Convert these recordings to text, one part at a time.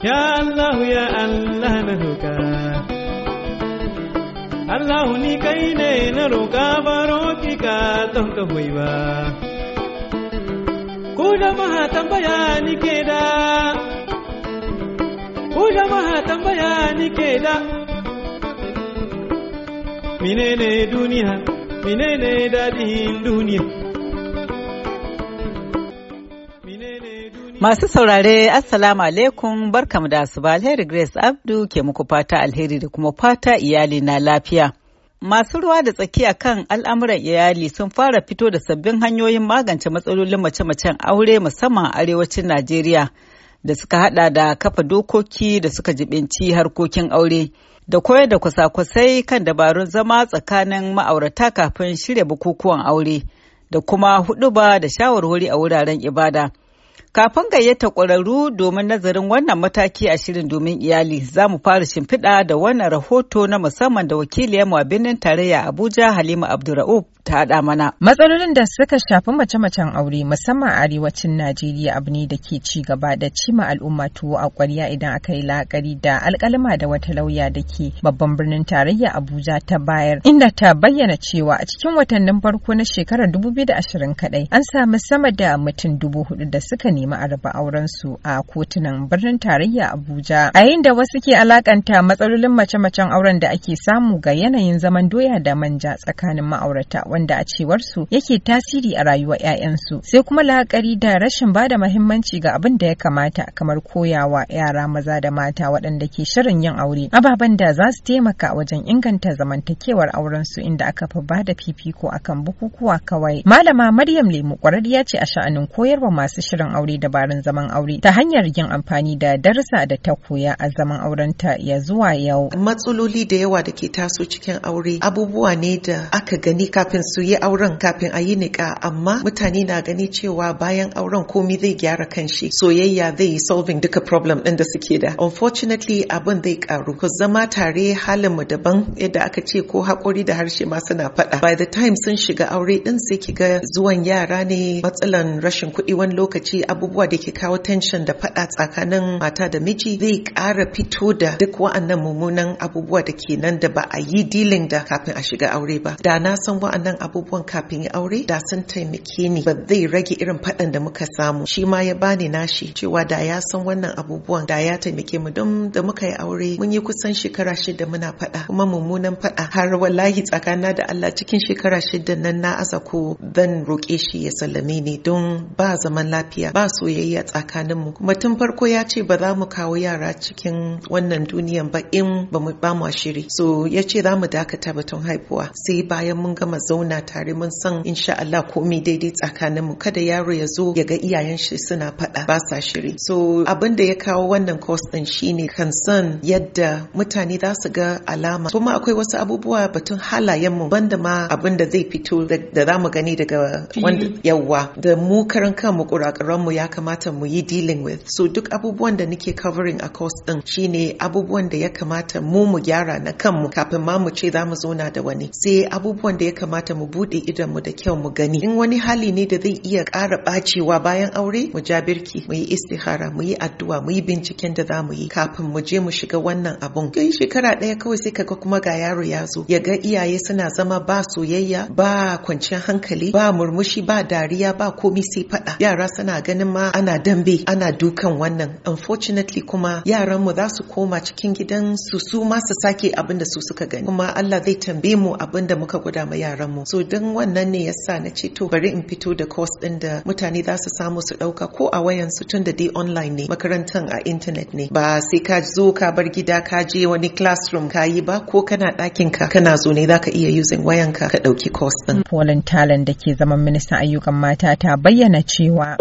Ya Allah ya Allah na roka Allah ni kai ne na roka baro ki ka ton ka hoyi ba Ku maha tambaya ni ke da Ku jama'a tambaya ni ke da ne duniya mine ne dadin duniya Masu saurare Assalamu alaikum barkam da asuba alheri Grace Abdu ke muku fata alheri da kuma fata iyali na lafiya. Masu ruwa da tsakiya kan al'amuran iyali sun fara fito da sabbin hanyoyin magance matsalolin mace-macen aure musamman a arewacin Najeriya da suka hada da kafa dokoki da suka jibinci harkokin aure da koyar da kwasa-kwasai kan dabarun zama tsakanin ma'aurata kafin shirya bukukuwan aure da kuma huduba da shawarwari a wuraren ibada. Kafin gayyata ƙwararru domin nazarin wannan mataki a shirin domin iyali za mu fara shimfiɗa da wannan rahoto na musamman da wakiliyarmu a birnin tarayya Abuja Halima Abdurra'uf ta haɗa mana. Matsalolin da suka shafi mace-macen aure musamman a arewacin Najeriya abu ne da ke ci gaba da cima al'umma tuwo a ƙwarya idan aka yi la'akari da alƙalma da wata lauya da ke babban birnin tarayya Abuja ta bayar inda ta bayyana cewa a cikin watannin farko na shekarar dubu biyu da ashirin kaɗai an sami sama da mutum dubu hudu da suka nemi nemi a auren a kotunan birnin tarayya Abuja. A yayin da wasu ke alakanta matsalolin mace-macen auren da ake samu ga yanayin zaman doya da manja tsakanin ma'aurata wanda a cewar su yake tasiri a rayuwar 'ya'yansu. Sai kuma la'akari da rashin bada muhimmanci ga abin da ya kamata kamar koyawa yara maza da mata waɗanda ke shirin yin aure ababen da za su taimaka wajen inganta zamantakewar aurensu, inda aka fi bada fifiko akan bukukuwa kawai. Malama Maryam Lemu ƙwararriya ce a sha'anin koyarwa masu shirin aure aure dabarun zaman aure ta hanyar yin amfani da darsa da ta koya a zaman aurenta ya zuwa yau. Matsaloli da yawa da ke taso cikin aure abubuwa ne da aka gani kafin su yi auren kafin a yi niƙa amma mutane na gani cewa bayan auren komi zai gyara kanshi soyayya zai yi solving duka problem ɗin da suke da. Unfortunately abin zai karu ku zama tare halin mu daban yadda aka ce ko haƙori da harshe ma suna faɗa. By the time sun shiga aure ɗin sai ki ga zuwan yara ne matsalan rashin kuɗi wani lokaci abubuwa da ke kawo tension da faɗa tsakanin mata da miji zai ƙara fito da duk wa'annan mummunan abubuwa da ke nan da ba a yi dealing da kafin a shiga aure ba da na san wa'annan abubuwan kafin yi aure da sun taimake ni ba zai rage irin faɗan da muka samu shi ma ya bani nashi cewa da ya san wannan abubuwan da ya taimake mu don da muka yi aure mun yi kusan shekara shida muna faɗa kuma mummunan faɗa har wallahi tsakana da Allah cikin shekara shida nan na asa ko zan roƙe shi ya sallame ni don ba zaman lafiya ba ba soyayya tsakaninmu kuma tun farko ya ce ba za mu kawo yara cikin wannan duniyan ba in ba mu ba mu shiri so ya ce za mu dakata batun haifuwa sai bayan mun gama zauna tare mun san insha Allah komai daidai tsakaninmu kada yaro ya zo ya ga iyayen shi suna faɗa ba sa shiri so abin da ya kawo wannan course din shine concern yadda mutane za su ga alama kuma akwai wasu abubuwa batun halayenmu banda ma abin da zai fito da za mu gani daga wanda yawa da mu karan kanmu kurakuranmu ya kamata mu yi dealing with so duk abubuwan da nake covering a course din shine abubuwan da ya kamata mu mu gyara na kanmu kafin ma mu ce za mu zauna da wani sai abubuwan da ya kamata mu bude idan mu da kyau mu gani in wani hali ne da zai iya ƙara bacewa bayan aure mu ja birki mu yi istihara mu yi addu'a mu yi binciken da za mu yi kafin mu je mu shiga wannan abun kai shekara ɗaya kawai sai kaga kuma ga yaro ya zo ya ga iyaye suna zama ba soyayya ba kwanciyar hankali ba murmushi ba dariya ba komi sai faɗa yara suna ganin nan ma ana dambe ana dukan wannan unfortunately kuma yaran mu za su koma cikin gidan su su ma su sake abin da su suka gani kuma Allah zai tambaye mu abin da muka gwada ma yaran mu so dan wannan ne yasa na ce to bari in fito da course din da mutane za su samu su dauka ko a wayan su tun da dai online ne makarantan a internet ne ba sai ka zo ka bar gida ka je wani classroom ka yi ba ko kana ɗakin ka kana zo ne zaka iya using wayan ka ka dauki course din Paulin Talan da ke zaman ministan ayyukan mata ta bayyana cewa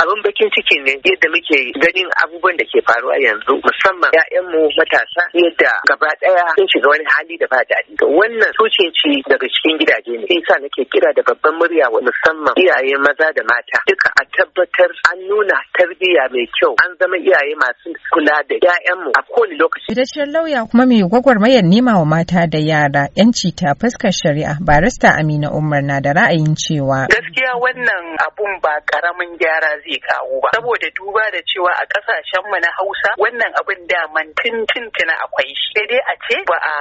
abin bakin ciki ne yadda muke ganin abubuwan da ke faruwa yanzu musamman 'ya'yan mu matasa yadda gaba daya sun shiga wani hali da ba daɗi wannan tucinci daga cikin gidaje ne sai sa nake kira da babban murya wa musamman iyaye maza da mata duka a tabbatar an nuna tarbiyya mai kyau an zama iyaye masu kula da 'ya'yanmu a kowane lokaci. Fitaccen lauya kuma mai gwagwarmayar nema wa mata da yara 'yanci ta fuskar shari'a barista Amina Umar na da ra'ayin cewa. Gaskiya wannan abun ba karamin gyara zai zai kawo ba saboda duba da cewa a kasashen mu na Hausa wannan abin da man tintintina akwai shi sai dai a ce ba a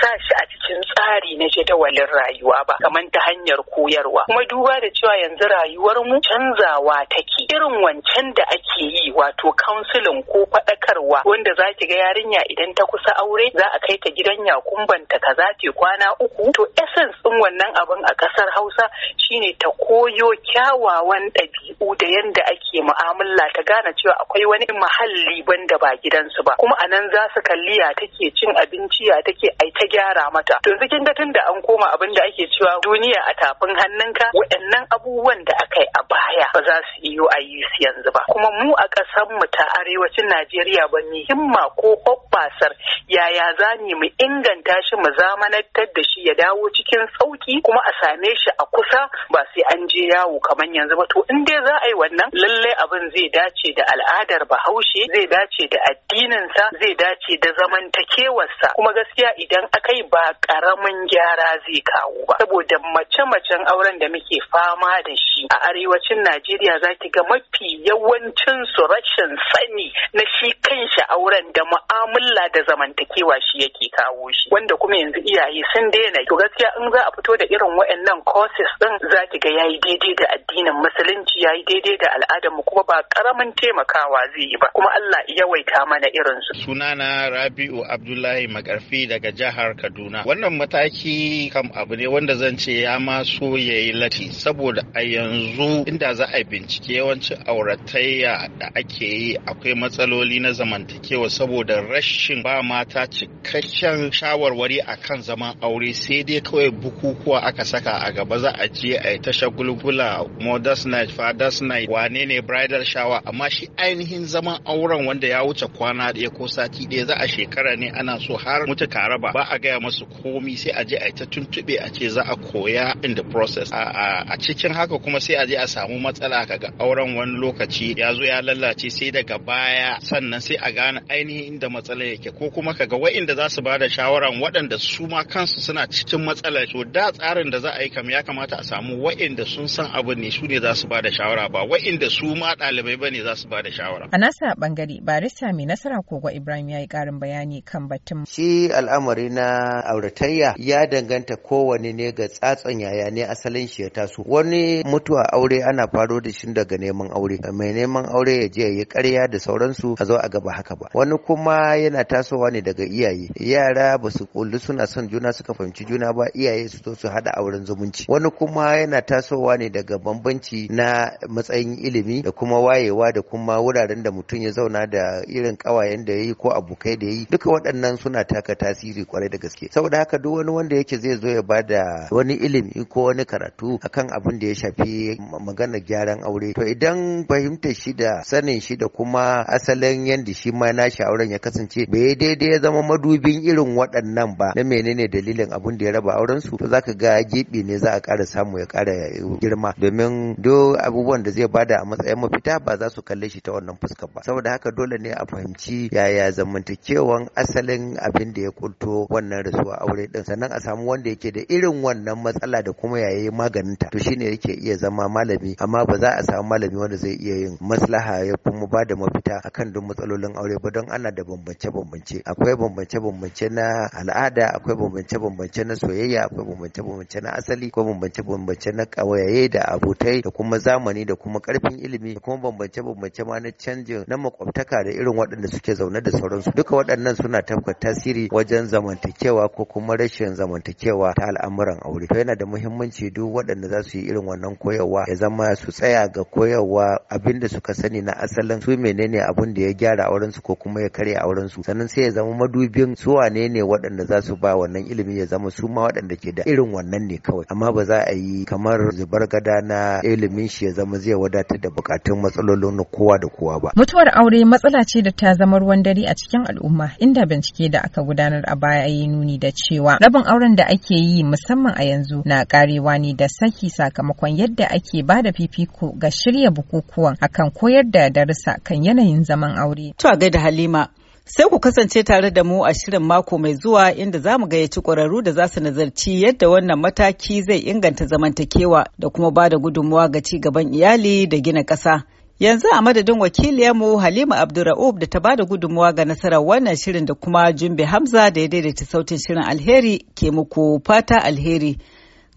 sa shi a cikin tsari na jadawalin rayuwa ba kamar ta hanyar koyarwa kuma duba da cewa yanzu rayuwar mu canzawa take irin wancan da ake yi wato kansulin ko faɗakarwa wanda za ki ga yarinya idan ta kusa aure za a kai ta gidan yakumbanta ta kaza kwana uku to essence ɗin wannan abin a ƙasar Hausa shine ta koyo kyawawan ɗabi'u da yanda ake mu'amala ta gane cewa akwai wani mahalli wanda ba gidansu ba kuma anan za su kalli ya take cin abinci ya take ai ta gyara mata to yanzu kin ga tunda an koma abin da ake cewa duniya a tafin hannunka waɗannan abubuwan da aka yi a baya ba za su iyo a yi su yanzu ba kuma mu a ƙasar mu ta arewacin Najeriya ba ni himma ko hoɓɓasar yaya za ni mu inganta shi mu zamanantar da shi ya dawo cikin sauki kuma a same shi a kusa ba sai an je yawo kamar yanzu ba to in dai za a yi wannan Lallai lalle abin zai dace da al'adar bahaushe zai dace da addininsa zai dace da zamantakewarsa kuma gaskiya idan akai ba karamin gyara zai kawo ba saboda mace-macen auren da muke fama da shi a arewacin najeriya za ki ga mafi yawancin su rashin sani na shi kanshi auren da mu'amala da zamantakewa shi yake kawo shi wanda kuma yanzu iyaye sun daina to gaskiya in za a fito da irin waɗannan courses din za ki ga yayi daidai da addinin musulunci yayi daidai da al'adarmu kuma ba karamin taimakawa zai yi ba kuma Allah yawaita mana irin su. Sunana Rabi'u Abdullahi Makarfi daga jihar Kaduna. Wannan mataki kam abu ne wanda zan ce ya ma so ya yi lati saboda a yanzu inda za a bincike yawancin auratayya da ake yi akwai matsaloli na zamantakewa saboda rashin ba mata cikakken shawarwari akan zaman aure sai dai kawai bukukuwa aka saka a gaba za a je a yi ta shagulgula mothers night fathers night wane ne bridal shower amma shi ainihin zaman auren wanda ya wuce kwana ɗaya ko sati ɗaya za a shekara ne ana so har mutu raba ba a gaya masu komi sai a je a ta tuntuɓe a ce za a koya in the process a cikin haka kuma sai a je a samu matsala kaga auren wani lokaci ya zo ya lallace sai daga baya sannan sai a gane ainihin inda matsala yake ko kuma kaga wa'inda za su ba da shawaran waɗanda su ma kansu suna cikin matsala to da tsarin da za a yi kam ya kamata a samu wa'inda sun san abu ne su ne za su ba shawara ba wa'inda inda su ma ɗalibai bane za su bada shawara. A nasa bangare barista mai nasara kogo Ibrahim ya yi ƙarin bayani kan batun. Shi al'amari na auratayya ya danganta kowane ne ga tsatson yaya ne asalin shi ya taso. Wani mutuwa aure ana faro da shi daga neman aure. Mai neman aure ya je ya yi ƙarya da sauransu a zo a gaba haka ba. Wani kuma yana tasowa ne daga iyaye. Yara ba su kulli suna son juna suka fahimci juna ba iyaye su zo su haɗa auren zumunci. Wani kuma yana tasowa ne daga bambanci na matsayin ilimi da kuma wayewa da kuma wuraren da mutum ya zauna da irin kawayen da ya yi ko abokai da ya yi duka waɗannan suna taka tasiri kwarai da gaske saboda haka duk wani wanda yake zai zo ya ba da wani ilimi ko wani karatu akan abin da ya shafi maganar gyaran aure to idan fahimtar shi da sanin shi da kuma asalin yadda shi ma na auren ya kasance bai daidai ya zama madubin irin waɗannan ba na menene dalilin abin da ya raba auren su to zaka ga gibi ne za a ƙara samu ya ƙara girma domin do abubuwan da zai bada da a matsayin mafita ba za su kalle shi ta wannan fuskar ba saboda haka dole ne a fahimci yaya zamantakewan asalin abin da ya kunto wannan rasuwa aure din sannan a samu wanda yake da irin wannan matsala da kuma yi maganinta to shine yake iya zama malami amma ba za a samu malami wanda zai iya yin maslaha ya kuma ba da mafita akan duk matsalolin aure ba don ana da bambance-bambance akwai bambance-bambance na al'ada akwai bambance-bambance na soyayya akwai bambance-bambance na asali akwai bambance-bambance na kawayaye da abotai da kuma zamani da kuma karfi zafin ilimi da kuma bambance-bambance ma na canjin na makwabtaka da irin waɗanda suke zaune da sauransu duka waɗannan suna tafka tasiri wajen zamantakewa ko kuma rashin zamantakewa ta al'amuran aure to yana da muhimmanci duk waɗanda za su yi irin wannan koyarwa ya zama su tsaya ga koyarwa abinda suka sani na asalin su menene abin da ya gyara auren su ko kuma ya karya auren su sannan sai ya zama madubin su wane ne waɗanda za su ba wannan ilimi ya zama su ma waɗanda ke da irin wannan ne kawai amma ba za a yi kamar zubar gada na ilimin shi ya zama zai wadata. tafi da bukatun matsalolin kowa da kowa ba. Mutuwar aure matsala ce da ta zama ruwan dare a cikin al'umma inda bincike da aka gudanar a baya ya nuni da cewa rabin auren da ake yi musamman a yanzu na karewa ne da saki sakamakon yadda ake ba da fifiko ga shirya bukukuwan akan koyar da darussa kan yanayin zaman aure. To a gaida Halima Sai ku kasance tare da mu a shirin mako mai zuwa inda za mu gayyaci ƙwararru da za su nazarci yadda wannan mataki zai inganta zamantakewa da kuma ba da gudunmuwa ga ci gaban iyali da gina ƙasa. Yanzu a madadin wakiliyarmu Halima Abdurra'ub da ta ba da gudunmuwa ga nasarar wannan shirin da kuma Jumbe Hamza da ya daidaita sautin shirin alheri ke muku fata alheri.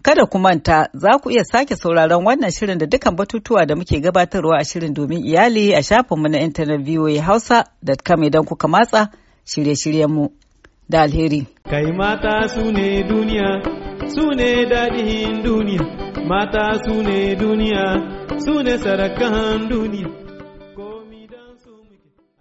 Kada ku manta za ku iya sake sauraron wannan shirin da dukkan batutuwa da muke gabatarwa a shirin domin iyali a shafinmu na intanet hausa.com idan kuka matsa shirye-shiryenmu da alheri. Kai mata su ne duniya, su ne daɗin duniya, mata su ne duniya, su ne sarakan duniya.